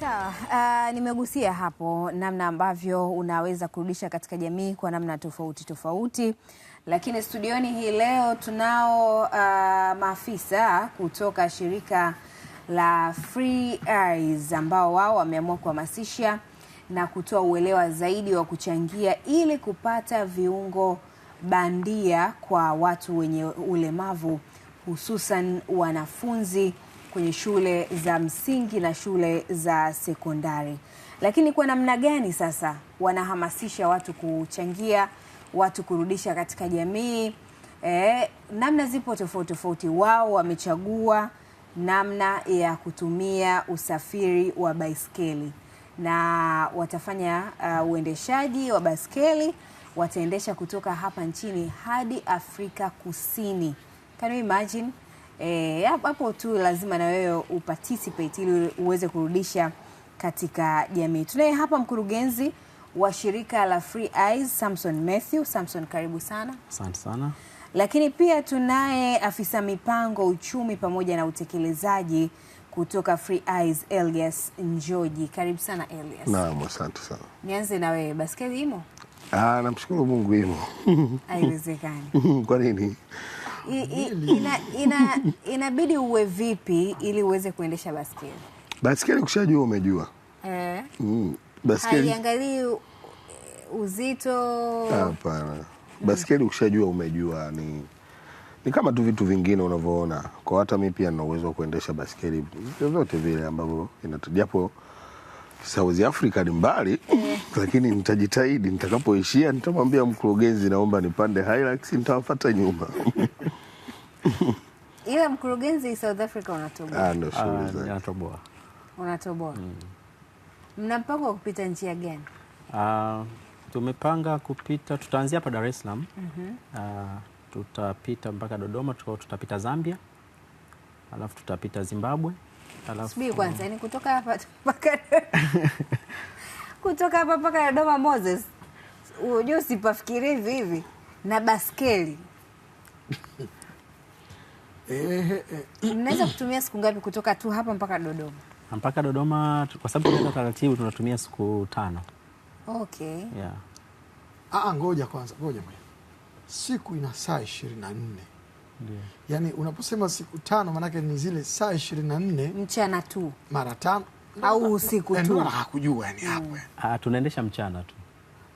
Sawa, uh, nimegusia hapo namna ambavyo unaweza kurudisha katika jamii kwa namna tofauti tofauti, lakini studioni hii leo tunao uh, maafisa kutoka shirika la Free Eyes ambao wao wameamua kuhamasisha na kutoa uelewa zaidi wa kuchangia ili kupata viungo bandia kwa watu wenye ulemavu hususan wanafunzi kwenye shule za msingi na shule za sekondari. Lakini kwa namna gani sasa wanahamasisha watu kuchangia, watu kurudisha katika jamii? E, namna zipo tofauti tofauti. Wao wamechagua namna ya kutumia usafiri wa baiskeli na watafanya uh, uendeshaji wa baiskeli, wataendesha kutoka hapa nchini hadi Afrika Kusini. Can you imagine? Eh, hapo e, tu lazima na wewe uparticipate ili uweze kurudisha katika jamii. Tunaye hapa mkurugenzi wa shirika la Free Eyes Samson Matthew. Samson, karibu sana. Asante sana. Lakini pia tunaye afisa mipango, uchumi pamoja na utekelezaji kutoka Free Eyes Elias Njoji. Karibu sana Elias. Naam, asante sana. Nianze na wewe, baskeli imo? Ah, namshukuru Mungu imo. Haiwezekani. Kwa nini? ina, ina, inabidi uwe vipi ili uweze kuendesha baskeli? Baskeli kushajua umejua eh. Mm, baskeli haiangalii uzito. Hapana, baskeli ukishajua umejua ni ni kama tu vitu vingine unavyoona. Kwa hata mi pia nina uwezo wa kuendesha baskeli vyovyote vile ambavyo japo South Africa ni mbali yeah. Lakini nitajitahidi, nitakapoishia nitamwambia mkurugenzi, naomba nipande Hilux, nitawafuata nyuma Ila mkurugenzi South Africa unatoboa. Ah, ndio shughuli ah, zake. Unatoboa. Unatoboa. Mm. Mna mpango wa kupita njia gani? Ah, tumepanga kupita tutaanzia hapa Dar es Salaam. Mm -hmm. Ah, tutapita mpaka Dodoma, tutapita Zambia. Alafu tutapita Zimbabwe. Alafu Subiri kwanza, ni kutoka hapa mpaka kutoka hapa mpaka Dodoma Moses. Unajua usipafikiri hivi hivi na baskeli Eh, eh, eh. Mnaweza kutumia siku ngapi kutoka tu hapa mpaka Dodoma? Mpaka Dodoma kwa sababu tunaenda taratibu, tunatumia siku tano. Okay. Yeah. Ah, ah ngoja kwanza, ngoja mwe. Siku ina saa ishirini na nne. Yeah. Yaani unaposema siku tano maanake ni zile saa ishirini na nne mchana tu mara tano au usiku tu hakujua yani hapo. Yaani. Ah, tunaendesha mchana tu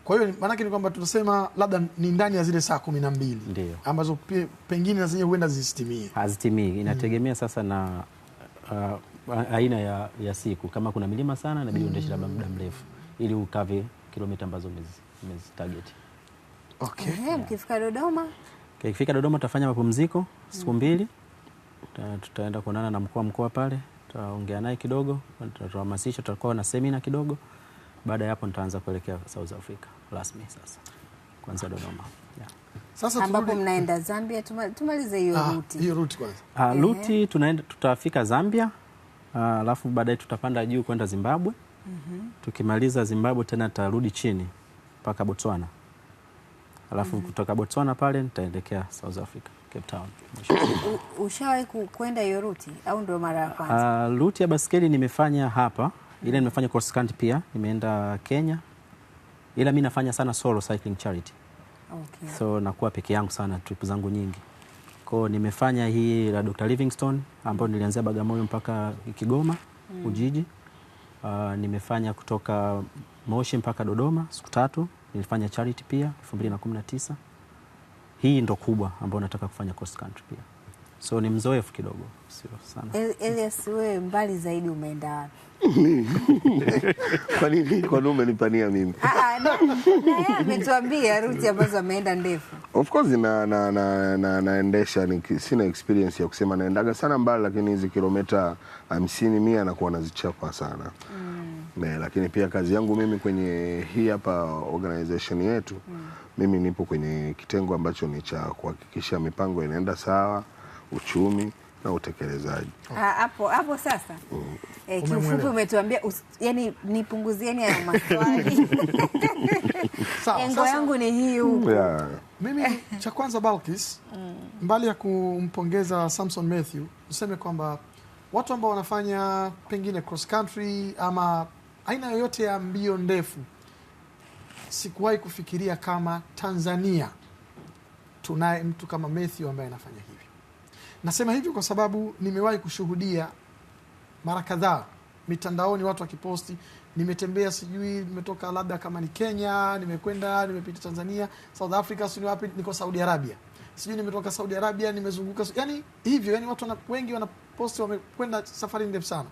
kwa hiyo maanake ni kwamba tunasema labda ni ndani ya zile saa kumi na mbili ndio ambazo pe, pengine na zenyewe huenda zisitimie, hazitimii mm. inategemea mm. Sasa na uh, aina ya, ya siku kama kuna milima sana inabidi uendeshe mm. labda muda mrefu ili ukave kilomita ambazo umezitargeti. Okay. Yeah. Mkifika Dodoma kifika Dodoma tutafanya mapumziko siku mm. mbili, tutaenda kuonana na mkuu wa mkoa pale, tutaongea naye kidogo, tutahamasisha, tutakuwa na semina kidogo baada ya hapo nitaanza kuelekea South Africa rasmi sasa, kwanza Dodoma Sasa ambapo mnaenda Zambia, tumalize hiyo ah, ruti. Hiyo ruti kwanza. Ah, Ruti tunaenda tutafika Zambia ah, alafu baadaye tutapanda juu kwenda Zimbabwe. Mm-hmm. Tukimaliza Zimbabwe tena tarudi chini mpaka Botswana alafu mm -hmm. kutoka Botswana pale nitaelekea South Africa Cape Town. Ushawahi kwenda hiyo ruti au ndio mara ya kwanza? Ah, Ruti ya basikeli nimefanya hapa ile nimefanya cross country pia, nimeenda Kenya, ila mi nafanya sana solo cycling charity. Okay. So nakuwa peke yangu sana trip zangu nyingi. Kwa nimefanya hii la Dr. Livingstone ambayo nilianzia Bagamoyo mpaka Kigoma, mm. Ujiji. Uh, nimefanya kutoka Moshi mpaka Dodoma siku tatu, nilifanya charity pia 2019. Hii ndo kubwa ambayo nataka kufanya cross country pia so ni mzoefu kidogo, sio sana. Elias, wewe mbali zaidi umeenda wapi? Kwa nini kwa nini umenipania mimi? Ah, ah, ametuambia ruti ambazo ameenda ndefu. Of course na na na, na naendesha ni, sina experience ya kusema naendaga sana mbali, lakini hizi kilomita hamsini mia nakuwa nazichapa sana mm. Ne, lakini pia kazi yangu mimi kwenye hii hapa organization yetu mm. mimi nipo kwenye kitengo ambacho ni cha kuhakikisha mipango inaenda sawa mm uchumi na utekelezaji ah, hapo hapo. Sasa mm. E, kiufupi umetuambia yani, nipunguzieni hayo maswali engo yangu ni hii huku mm, yeah. Mimi cha kwanza Balkis, mm. mbali ya kumpongeza Samson Mathew, useme kwamba watu ambao wanafanya pengine cross country ama aina yoyote ya mbio ndefu, sikuwahi kufikiria kama Tanzania tunaye mtu kama Mathew ambaye anafanya Nasema hivyo kwa sababu nimewahi kushuhudia mara kadhaa mitandaoni watu wakiposti, nimetembea sijui, nimetoka labda kama ni Kenya, nimekwenda nimepita Tanzania, South Africa, sijui wapi, niko Saudi Arabia, sijui nimetoka Saudi Arabia, nimezunguka, yani hivyo, yani watu wengi wanaposti wamekwenda safari ndefu sana.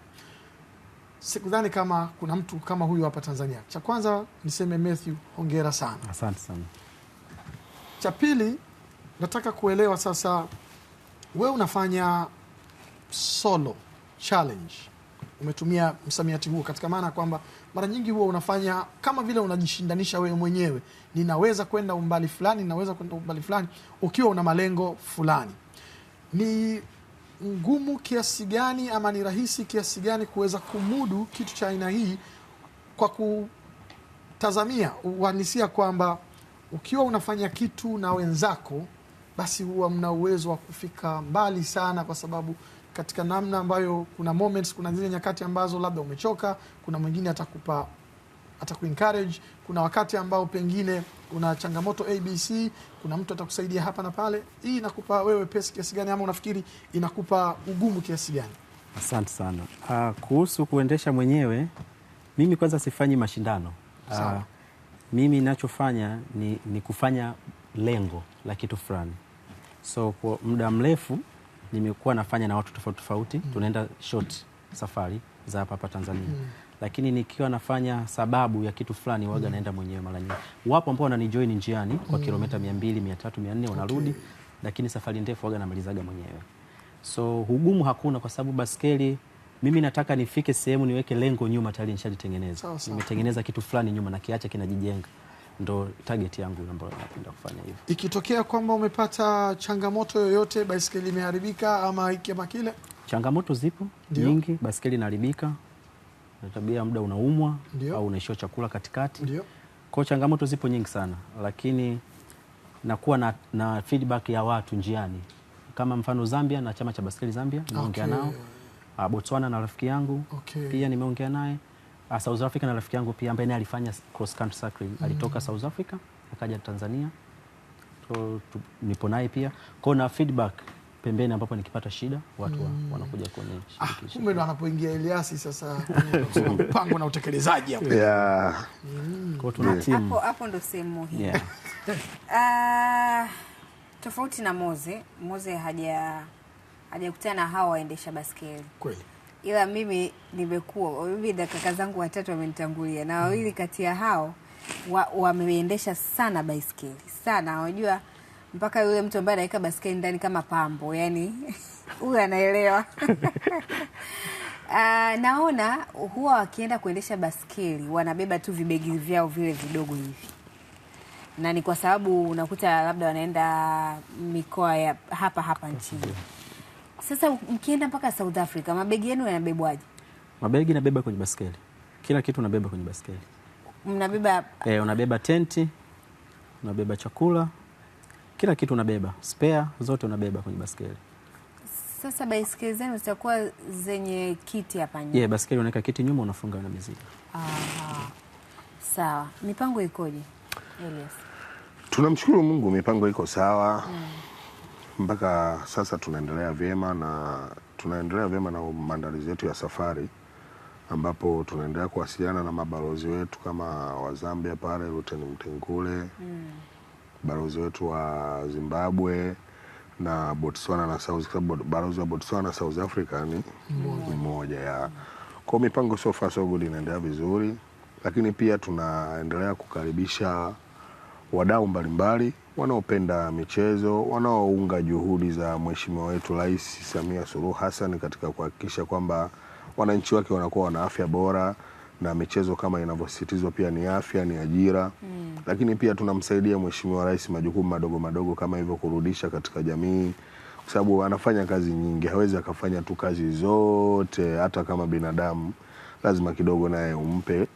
Sikudhani kama kuna mtu kama huyu hapa Tanzania. Cha kwanza niseme Mathew, hongera sana, asante sana. Cha pili nataka kuelewa sasa wewe unafanya solo challenge, umetumia msamiati huo katika maana kwamba mara nyingi huwa unafanya kama vile unajishindanisha wewe mwenyewe, ninaweza kwenda umbali fulani, ninaweza kwenda umbali fulani, ukiwa una malengo fulani. Ni ngumu kiasi gani ama ni rahisi kiasi gani kuweza kumudu kitu cha aina hii kwa kutazamia uhalisia kwamba ukiwa unafanya kitu na wenzako basi huwa mna uwezo wa kufika mbali sana, kwa sababu katika namna ambayo kuna moments, kuna zile nyakati ambazo labda umechoka, kuna mwingine atakupa encourage, kuna wakati ambao pengine una changamoto ABC, kuna mtu atakusaidia hapa na pale. Hii inakupa wewe pesa kiasi gani, ama unafikiri inakupa ugumu kiasi gani? Asante sana. Uh, kuhusu kuendesha mwenyewe, mimi kwanza sifanyi mashindano uh, mimi ninachofanya ni, ni kufanya lengo la kitu fulani. So kwa muda mrefu nimekuwa nafanya na watu tofauti tofauti mm. tunaenda short safari za hapa hapa Tanzania mm. lakini nikiwa nafanya sababu ya kitu fulani waga mm. naenda mwenyewe mara nyingi. Wapo ambao wananijoin njiani kwa mm. kilomita 200, 300, 400 wanarudi okay. lakini safari ndefu waga namalizaga mwenyewe. So hugumu hakuna kwa sababu baskeli mimi nataka nifike sehemu niweke lengo nyuma, tayari nishajitengeneza, nimetengeneza kitu fulani nyuma na kiacha kinajijenga ndo target yangu ambayo napenda kufanya hivyo. Ikitokea kwamba umepata changamoto yoyote, baiskeli imeharibika ama hiki ama kile, changamoto zipo Ndiyo. nyingi. Baiskeli inaharibika tabia, muda unaumwa Ndiyo. au unaishiwa chakula katikati Ndiyo. Kwa changamoto zipo nyingi sana, lakini nakuwa na, na feedback ya watu njiani, kama mfano Zambia na chama cha baskeli Zambia nimeongea okay. nao ah, Botswana na rafiki yangu okay. pia nimeongea naye uh, South Africa na rafiki yangu pia ambaye naye alifanya cross country cycling mm -hmm. alitoka South Africa akaja Tanzania nipo naye pia kwao na feedback pembeni ambapo nikipata shida watu mm. wanakuja ah, Kumbe ndo anapoingia Eliasi sasa mpango na utekelezaji hapo. Yeah. Mm. Kwa tuna team Hapo hapo ndo sehemu muhimu. Yeah. Uh, tofauti na Moze, Moze haja hajakutana na hawa waendesha baskeli. Kweli ila mimi nimekuwa mimi na kaka zangu watatu wamenitangulia na mm. wawili kati ya hao wameendesha wa sana baiskeli sana, unajua mpaka yule mtu ambaye anaweka baiskeli ndani kama pambo, yani huyu anaelewa. Uh, naona huwa wakienda kuendesha baskeli wanabeba tu vibegi vyao vile vidogo hivi, na ni kwa sababu unakuta labda wanaenda mikoa ya hapa hapa nchini sasa mkienda mpaka South Africa, mabegi yenu yanabebwaje? Mabegi nabeba kwenye baskeli, kila kitu unabeba kwenye baskeli. Mnabeba eh, unabeba tenti, unabeba chakula, kila kitu unabeba, spare zote unabeba kwenye baskeli. Sasa baiskeli zenu zitakuwa zenye kiti hapa nyuma? Yeah, baskeli unaweka kiti nyuma, unafunga na mizigo. Ah, sawa. Mipango ikoje Elias? Tunamshukuru Mungu, mipango iko sawa mm mpaka sasa tunaendelea vyema na tunaendelea vyema na maandalizi yetu ya safari, ambapo tunaendelea kuwasiliana na mabalozi wetu kama wa Zambia pale Luteni Mtengule mm. balozi wetu wa Zimbabwe na Botswana na South, Africa, balozi wa Botswana na South Africa ni mmoja ya kwa mipango so far so good inaendelea vizuri, lakini pia tunaendelea kukaribisha wadau mbalimbali wanaopenda michezo, wanaounga juhudi za mheshimiwa wetu Rais Samia Suluhu Hassan katika kuhakikisha kwamba wananchi wake wanakuwa wana afya bora na michezo kama inavyosisitizwa pia ni afya, ni ajira mm. Lakini pia tunamsaidia mheshimiwa rais majukumu madogo madogo kama hivyo, kurudisha katika jamii, kwa sababu anafanya kazi nyingi, hawezi akafanya tu kazi zote. Hata kama binadamu lazima kidogo naye umpe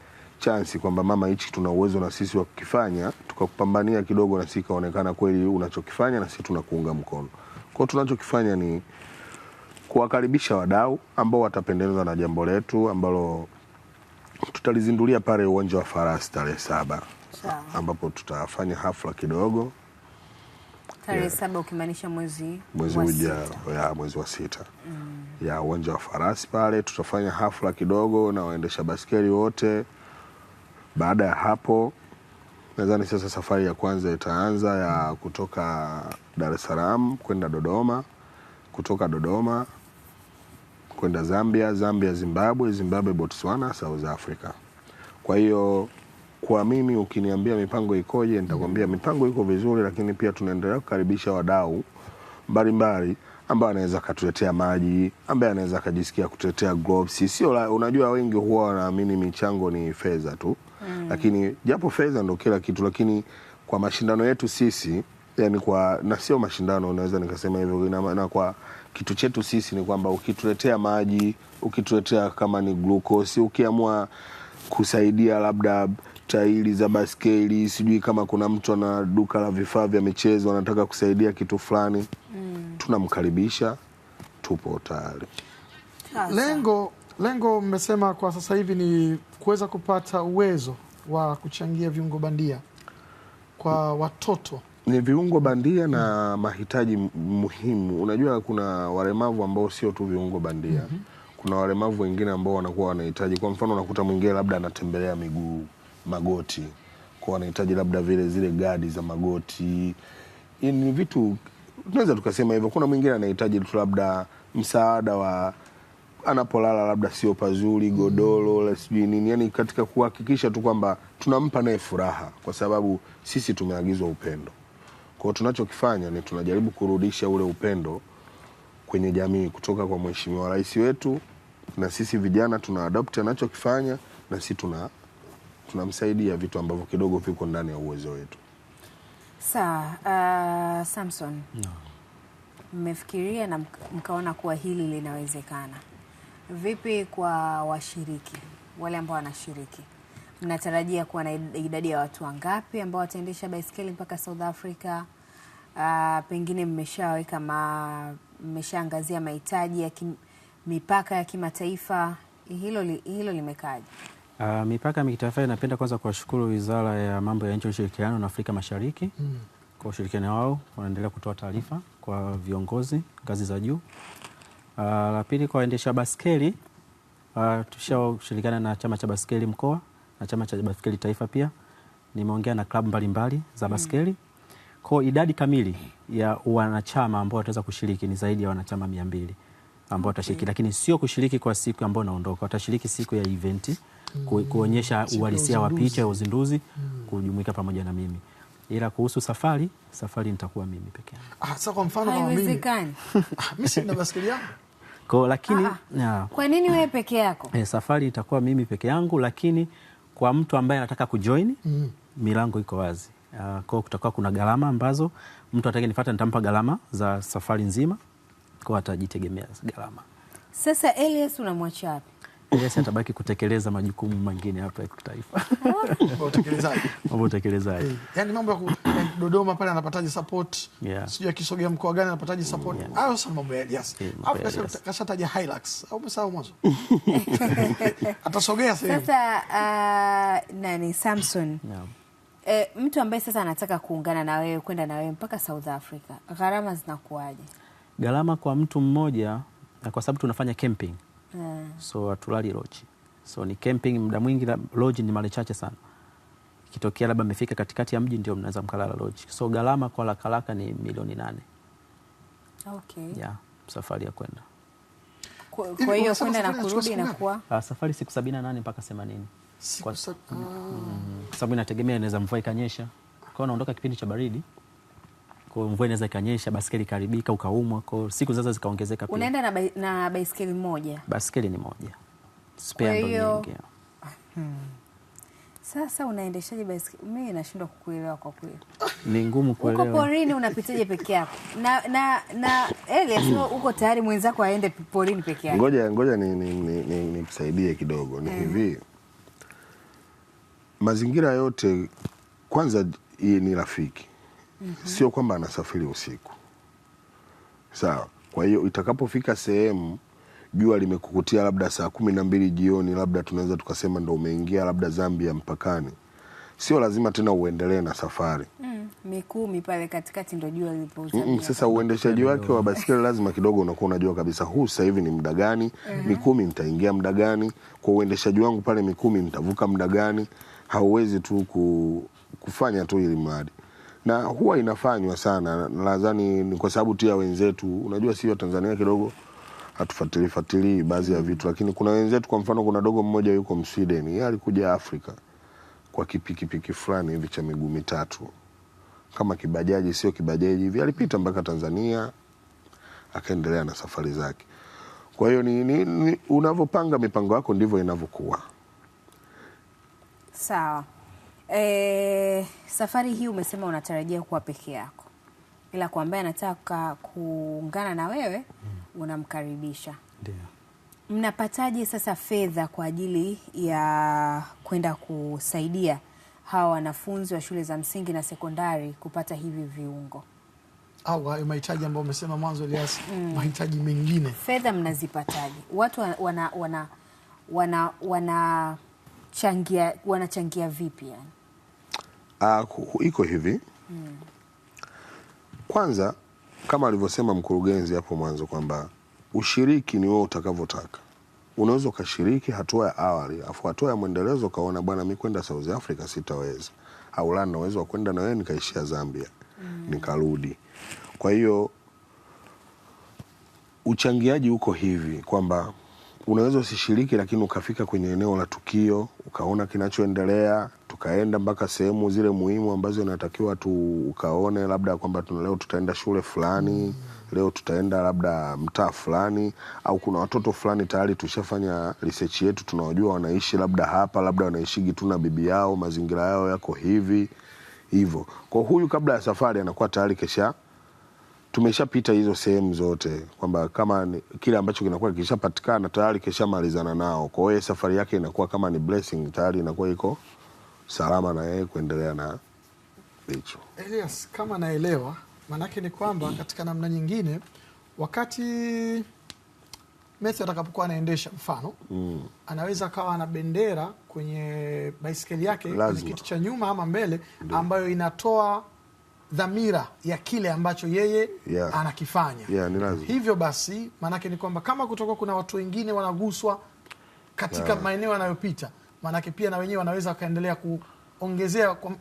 chansi kwamba mama, hichi tuna uwezo na sisi wa kukifanya, tukakupambania kidogo na sisi kaonekana kweli unachokifanya na sisi tunakuunga mkono. Kwa tunachokifanya ni kuwakaribisha wadau ambao watapendezwa na jambo letu ambalo tutalizindulia pale uwanja wa Farasi tarehe saba Sawa. ambapo tutafanya hafla kidogo tarehe yeah. saba ukimaanisha mwezi mwezi ujao ya mwezi wa sita mm. ya uwanja wa Farasi pale tutafanya hafla kidogo na waendesha baskeli wote baada ya hapo, nadhani sasa safari ya kwanza itaanza ya kutoka Dar es Salaam kwenda Dodoma, kutoka Dodoma kwenda Zambia, Zambia Zimbabwe, Zimbabwe Botswana, South Africa. Kwa hiyo kwa mimi ukiniambia mipango ikoje, nitakwambia mipango iko vizuri, lakini pia tunaendelea kukaribisha wadau mbalimbali ambaye anaweza akatuletea maji, ambaye anaweza akajisikia kutetea gloves. Sio unajua, wengi huwa wanaamini michango ni fedha tu mm. Lakini japo fedha ndo kila kitu, lakini kwa mashindano yetu sisi yani kwa na sio mashindano, naweza nikasema hivyo na, na kwa kitu chetu sisi ni kwamba ukituletea maji, ukituletea kama ni glukosi, ukiamua kusaidia labda tairi za baskeli, sijui kama kuna mtu ana duka la vifaa vya michezo anataka kusaidia kitu fulani mm. tunamkaribisha, tupo tayari lengo Lengo mmesema kwa sasa hivi ni kuweza kupata uwezo wa kuchangia viungo bandia kwa watoto ni viungo bandia na mahitaji muhimu. Unajua, kuna walemavu ambao sio tu viungo bandia mm -hmm. Kuna walemavu wengine ambao wanakuwa wanahitaji, kwa mfano unakuta mwingine labda anatembelea miguu magoti, kwa wanahitaji labda vile zile gadi za magoti. Ni vitu tunaweza tukasema hivyo. Kuna mwingine anahitaji tu labda msaada wa anapolala labda sio pazuri, godoro mm. la sijui nini, yani katika kuhakikisha tu kwamba tunampa naye furaha, kwa sababu sisi tumeagizwa upendo. Kwa hiyo tunachokifanya ni tunajaribu kurudisha ule upendo kwenye jamii kutoka kwa Mheshimiwa Rais wetu, na sisi vijana tuna adopt anachokifanya, na sisi tuna tunamsaidia vitu ambavyo kidogo viko ndani ya uwezo wetu. Sawa. Uh, Samson, mmefikiria no. na mkaona kuwa hili linawezekana Vipi kwa washiriki wale ambao wanashiriki, mnatarajia kuwa na idadi ya watu wangapi ambao wataendesha baiskeli mpaka South Africa? Uh, pengine mmeshaweka ma, mmeshaangazia mahitaji ya kim, mipaka ya kimataifa, hilo, li, hilo limekaaje? Uh, mipaka ya kitaifa inapenda kwanza kuwashukuru Wizara ya Mambo ya Nje ya Ushirikiano na Afrika Mashariki mm, kwa ushirikiano wao, wanaendelea kutoa taarifa kwa viongozi ngazi za juu Uh, la pili kwa waendesha baskeli uh, tushashirikiana na chama cha baskeli mkoa na chama cha baskeli taifa pia. Nimeongea na klabu mbalimbali za hmm. baskeli. mm. Kwa idadi kamili ya wanachama ambao wataweza kushiriki ni zaidi ya wanachama mia mbili ambao watashiriki okay. Lakini sio kushiriki kwa siku ambao naondoka, watashiriki siku ya eventi hmm. ku, kuonyesha uhalisia wa picha ya uzinduzi mm. kujumuika pamoja na mimi ila kuhusu safari, safari nitakuwa mimi peke yangu. Ah, sasa kwa mfano kama mimi. Haiwezekani. Ah, mimi sina baskeli yangu. Kwa, lakini, ah, ah. ya, kwa nini wewe peke yako? Eh, safari itakuwa mimi peke yangu, lakini kwa mtu ambaye anataka kujoin mm. milango iko wazi. Ah, kwa kutakuwa kuna gharama ambazo mtu atakayenifuata nitampa gharama za safari nzima, kwa atajitegemea gharama. Sasa Elias unamwacha wapi? Yes, atabaki kutekeleza majukumu mengine hapa ya kitaifa. Mambo utekelezaji. Yaani mambo ya eh, Dodoma pale anapataje support? Yeah. Sijui akisogea mkoa gani anapataje support? Mm, yeah. Hayo sasa mambo ya yes. Afrika kasha kasha taja Hilux. Au msao mwanzo. Atasogea sasa. Sasa uh, nani Samson? Yeah. Eh, mtu ambaye sasa anataka kuungana na wewe kwenda na wewe mpaka South Africa. Gharama zinakuwaje? Gharama kwa mtu mmoja na kwa sababu tunafanya camping. Mm yeah. so hatulali lodge so ni camping muda mwingi lodge ni mara chache sana ikitokea labda mmefika katikati ya mji ndio mnaweza mkalala lodge so gharama kwa lakalaka ni milioni nane okay. yeah, safari ya kwenda kwa hiyo kwenda na kurudi inakuwa ah, safari siku sabini na nane mpaka themanini mm. ah. kwa sababu inategemea inaweza mvua ikanyesha kwao unaondoka kipindi cha baridi kwa mvua inaweza ikanyesha, baskeli ikaharibika, ukaumwa, kwa siku zaza zikaongezeka. unaenda na, bai, na baiskeli moja, Baskeli ni moja, spare ndo nyingi. Hmm. Sasa unaendeshaje baiskeli? Mimi nashindwa kukuelewa kwa kweli, ni ngumu kuelewa. Uko porini unapitaje peke yako? na na na Elias uko tayari mwenzako aende porini peke yake? Ngoja ngoja nimsaidie ni, ni, ni kidogo. Ni hmm. hivi mazingira yote kwanza, hii ni rafiki -hmm. Sio kwamba anasafiri usiku, sawa. Kwa hiyo itakapofika sehemu jua limekukutia labda saa kumi na mbili jioni, labda tunaweza tukasema ndo umeingia labda Zambia mpakani, sio lazima tena uendelee na safari mm. Mikumi pale katikati ndo jua lilipozama. Mm -mm, sasa uendeshaji wake wa basikeli lazima kidogo unakuwa unajua kabisa huu sasa hivi ni muda gani, mm -hmm. Mikumi nitaingia muda gani, kwa uendeshaji wangu pale Mikumi nitavuka muda gani, hauwezi tu kufanya tu ili mradi na huwa inafanywa sana, nadhani ni kwa sababu tu ya wenzetu. Unajua si Watanzania kidogo hatufuatilii fuatilii baadhi ya vitu, lakini kuna wenzetu, kwa mfano, kuna dogo mmoja yuko Msweden, yeye alikuja Afrika kwa kipikipiki fulani hivi cha miguu mitatu kama kibajaji, sio kibajaji hivi, alipita mpaka Tanzania akaendelea na safari zake. Kwa hiyo ni, ni, ni unavyopanga mipango yako ndivyo inavyokuwa. Sawa. so. E, safari hii umesema unatarajia kuwa peke yako, ila kwa ambaye anataka kuungana na wewe mm. unamkaribisha. Ndio. Mnapataje sasa fedha kwa ajili ya kwenda kusaidia hawa wanafunzi wa shule za msingi na sekondari kupata hivi viungo au hayo mahitaji ambayo umesema mwanzo Elias? Mm. mahitaji mengine fedha mnazipataje? watu wana, wana, wana, wana changia, wanachangia vipi yani? Uh, iko hivi mm. Kwanza kama alivyosema mkurugenzi hapo mwanzo kwamba ushiriki ni wewe utakavyotaka. Unaweza ukashiriki hatua ya awali, afu hatua ya mwendelezo ukaona, bwana, mi kwenda South Africa sitaweza, au la, na uwezo wa kwenda na wewe nikaishia Zambia mm. nikarudi. Kwa hiyo uchangiaji uko hivi kwamba unaweza usishiriki, lakini ukafika kwenye eneo la tukio ukaona kinachoendelea, tukaenda mpaka sehemu zile muhimu ambazo inatakiwa tu ukaone, labda kwamba leo tutaenda shule fulani, leo tutaenda labda mtaa fulani, au kuna watoto fulani tayari tushafanya research yetu, tunawajua wanaishi labda hapa, labda wanaishigi tu na bibi yao, mazingira yao yako hivi hivyo. Kwa huyu kabla ya safari anakuwa tayari kesha tumeshapita hizo sehemu zote, kwamba kama ni, kile ambacho kinakuwa kishapatikana tayari kishamalizana nao. Kwa hiyo safari yake inakuwa kama ni blessing tayari, inakuwa iko salama na yeye kuendelea na hicho. Elias, kama naelewa maanake ni kwamba katika namna nyingine, wakati Messi atakapokuwa anaendesha mfano mm. anaweza akawa na bendera kwenye baiskeli yake kwenye kiti cha nyuma ama mbele, ambayo inatoa dhamira ya kile ambacho yeye yeah. anakifanya yeah, Hivyo basi maanake ni kwamba kama kutoka kuna watu wengine wanaguswa katika yeah. maeneo yanayopita, maanake pia na wenyewe wanaweza wakaendelea kuongezea kwa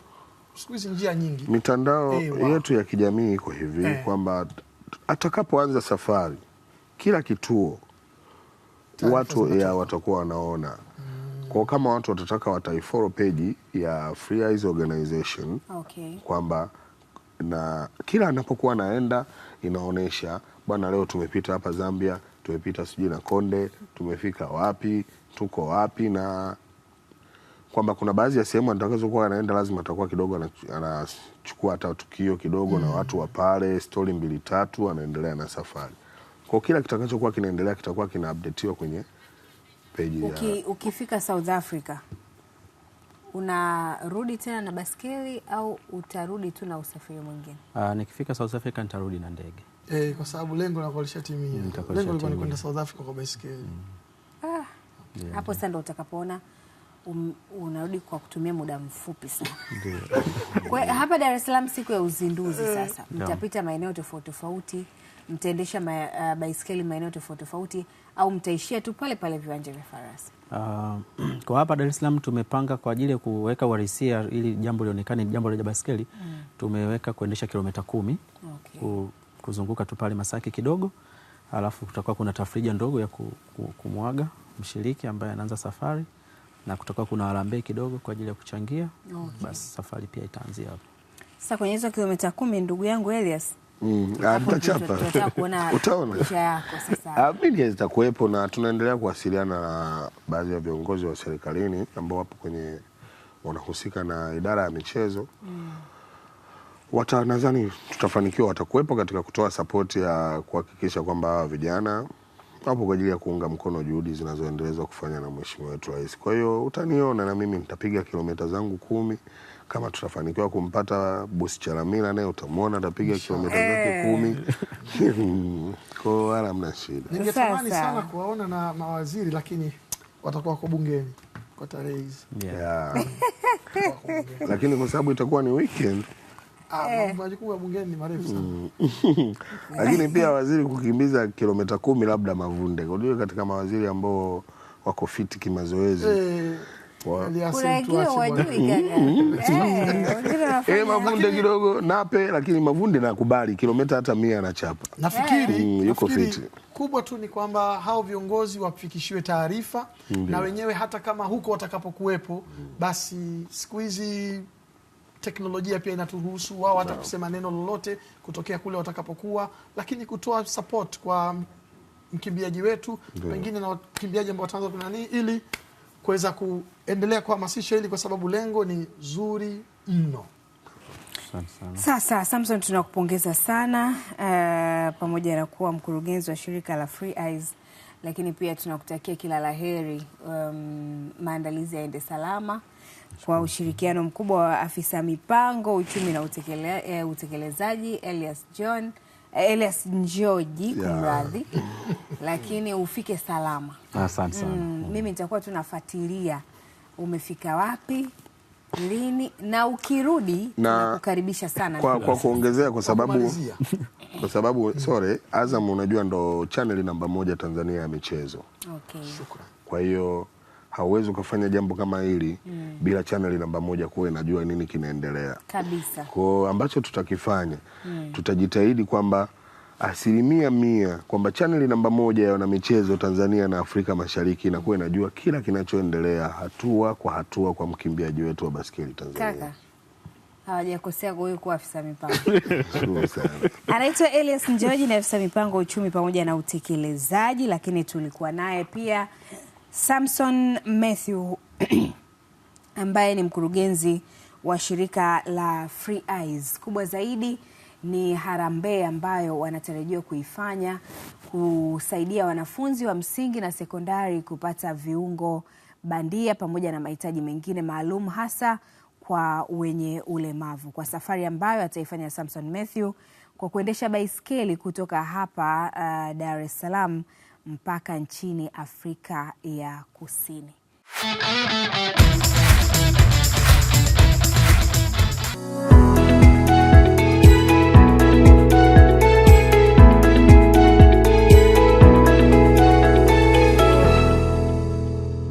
siku hizi njia nyingi, mitandao e, yetu ya kijamii iko hivi e. kwamba atakapoanza safari kila kituo watu ya watakuwa wanaona mm. kwa kama watu watataka wataifollow peji ya Free Eyes Organization okay. kwamba na kila anapokuwa anaenda inaonyesha bwana, leo tumepita hapa Zambia, tumepita sijui na Konde, tumefika wapi, tuko wapi, na kwamba kuna baadhi ya sehemu atakazokuwa anaenda lazima atakuwa kidogo anachukua hata tukio kidogo mm. na watu wa pale, stori mbili tatu, anaendelea na safari kwa kila kitakachokuwa kinaendelea kitakuwa kina updateiwa kwenye peji ya... Uki, ukifika South Africa unarudi tena na baskeli au utarudi tu na usafiri mwingine? Uh, nikifika South Africa nitarudi na ndege eh, kwa sababu lengo timu lishatimia. Lengo lilikuwa ni kwenda South Africa kwa baskeli. Mm. Ah, hapo sasa ndo utakapoona Um, unarudi kwa kutumia muda mfupi sana. Kwa hapa Dar es Salaam siku ya uzinduzi eh. sasa mtapita maeneo tofauti tofauti, mtaendesha ma, uh, baiskeli maeneo tofauti tofauti au mtaishia tu pale pale viwanja vya farasi? Uh, kwa hapa Dar es Salaam tumepanga kwa ajili ya kuweka uhalisia ili jambo lionekane jambo la baskeli mm. Tumeweka kuendesha kilomita kumi okay. Kuzunguka tu pale Masaki kidogo, alafu kutakuwa kuna tafrija ndogo ya kumwaga mshiriki ambaye anaanza safari na kutakuwa kuna harambee kidogo kwa ajili ya kuchangia okay. Basi safari pia itaanzia hapo sasa kwenye hizo kilomita kumi, ndugu yangu Elias Mm, ah, nitachapa utaona, ah, na tunaendelea kuwasiliana na baadhi ya viongozi wa serikalini ambao wapo kwenye wanahusika na idara ya michezo mm. Wata nadhani tutafanikiwa, watakuwepo katika kutoa sapoti ya kuhakikisha kwamba hawa vijana wapo kwa ajili ya kuunga mkono juhudi zinazoendelezwa kufanya na mheshimiwa wetu rais. Kwa hiyo utaniona na mimi nitapiga kilomita zangu kumi kama tutafanikiwa kumpata bosi Chalamila naye utamwona atapiga kilomita zake eh. kumi kwao, wala mna shida. Ningetamani sana kuwaona na mawaziri, lakini watakuwa wako bungeni kwa tarehe hizi yeah. yeah. lakini kwa sababu itakuwa ni weekend ah, eh. majukumu ya bungeni ni marefu sana mm. lakini pia waziri kukimbiza kilomita kumi labda Mavunde, unajua katika mawaziri ambao wako fiti kimazoezi hey. Eh. Eh, eh, Mavunde kidogo nape, lakini Mavunde nakubali kilomita hata mia anachapa. Nafikiri mm, yuko fiti. Kubwa tu ni kwamba hao viongozi wafikishiwe taarifa na wenyewe, hata kama huko watakapokuwepo, basi siku hizi teknolojia pia inaturuhusu wao hata kusema neno lolote kutokea kule watakapokuwa, lakini kutoa support kwa mkimbiaji wetu pengine na wakimbiaji ambao wataanza kunani ili kuweza kuendelea kuhamasisha hili kwa sababu lengo ni zuri mno. Sasa Samson, tunakupongeza sana uh, pamoja na kuwa mkurugenzi wa shirika la Free Eyes, lakini pia tunakutakia kila la heri. Um, maandalizi yaende salama kwa ushirikiano mkubwa wa afisa mipango uchumi na utekele, uh, utekelezaji Elias John Elias Njoji kumradhi, lakini ufike salama. Asante sana. Mm, mm. mimi nitakuwa nafuatilia umefika wapi lini na ukirudi na kukaribisha sana kwa, kwa kuongezea kwa sababu kwa sababu sorry, Azam unajua ndo chaneli namba moja Tanzania ya michezo okay. Kwa hiyo hauwezi ukafanya jambo kama hili mm. bila chaneli namba moja kuwa inajua nini kinaendelea kabisa. Kwa ambacho tutakifanya mm. tutajitahidi kwamba asilimia mia kwamba chaneli namba moja ya wanamichezo Tanzania na Afrika Mashariki inakuwa inajua kila kinachoendelea hatua kwa hatua kwa mkimbiaji wetu wa baskeli Tanzania. Kaka hawajakosea kuwekwa afisa mipango anaitwa Elias Njoji, na afisa mipango uchumi pamoja na utekelezaji, lakini tulikuwa naye pia Samson Mathew ambaye ni mkurugenzi wa shirika la Free Eyes. Kubwa zaidi ni harambee ambayo wanatarajiwa kuifanya kusaidia wanafunzi wa msingi na sekondari kupata viungo bandia pamoja na mahitaji mengine maalum hasa kwa wenye ulemavu, kwa safari ambayo ataifanya Samson Mathew kwa kuendesha baiskeli kutoka hapa uh, Dar es Salaam mpaka nchini Afrika ya Kusini.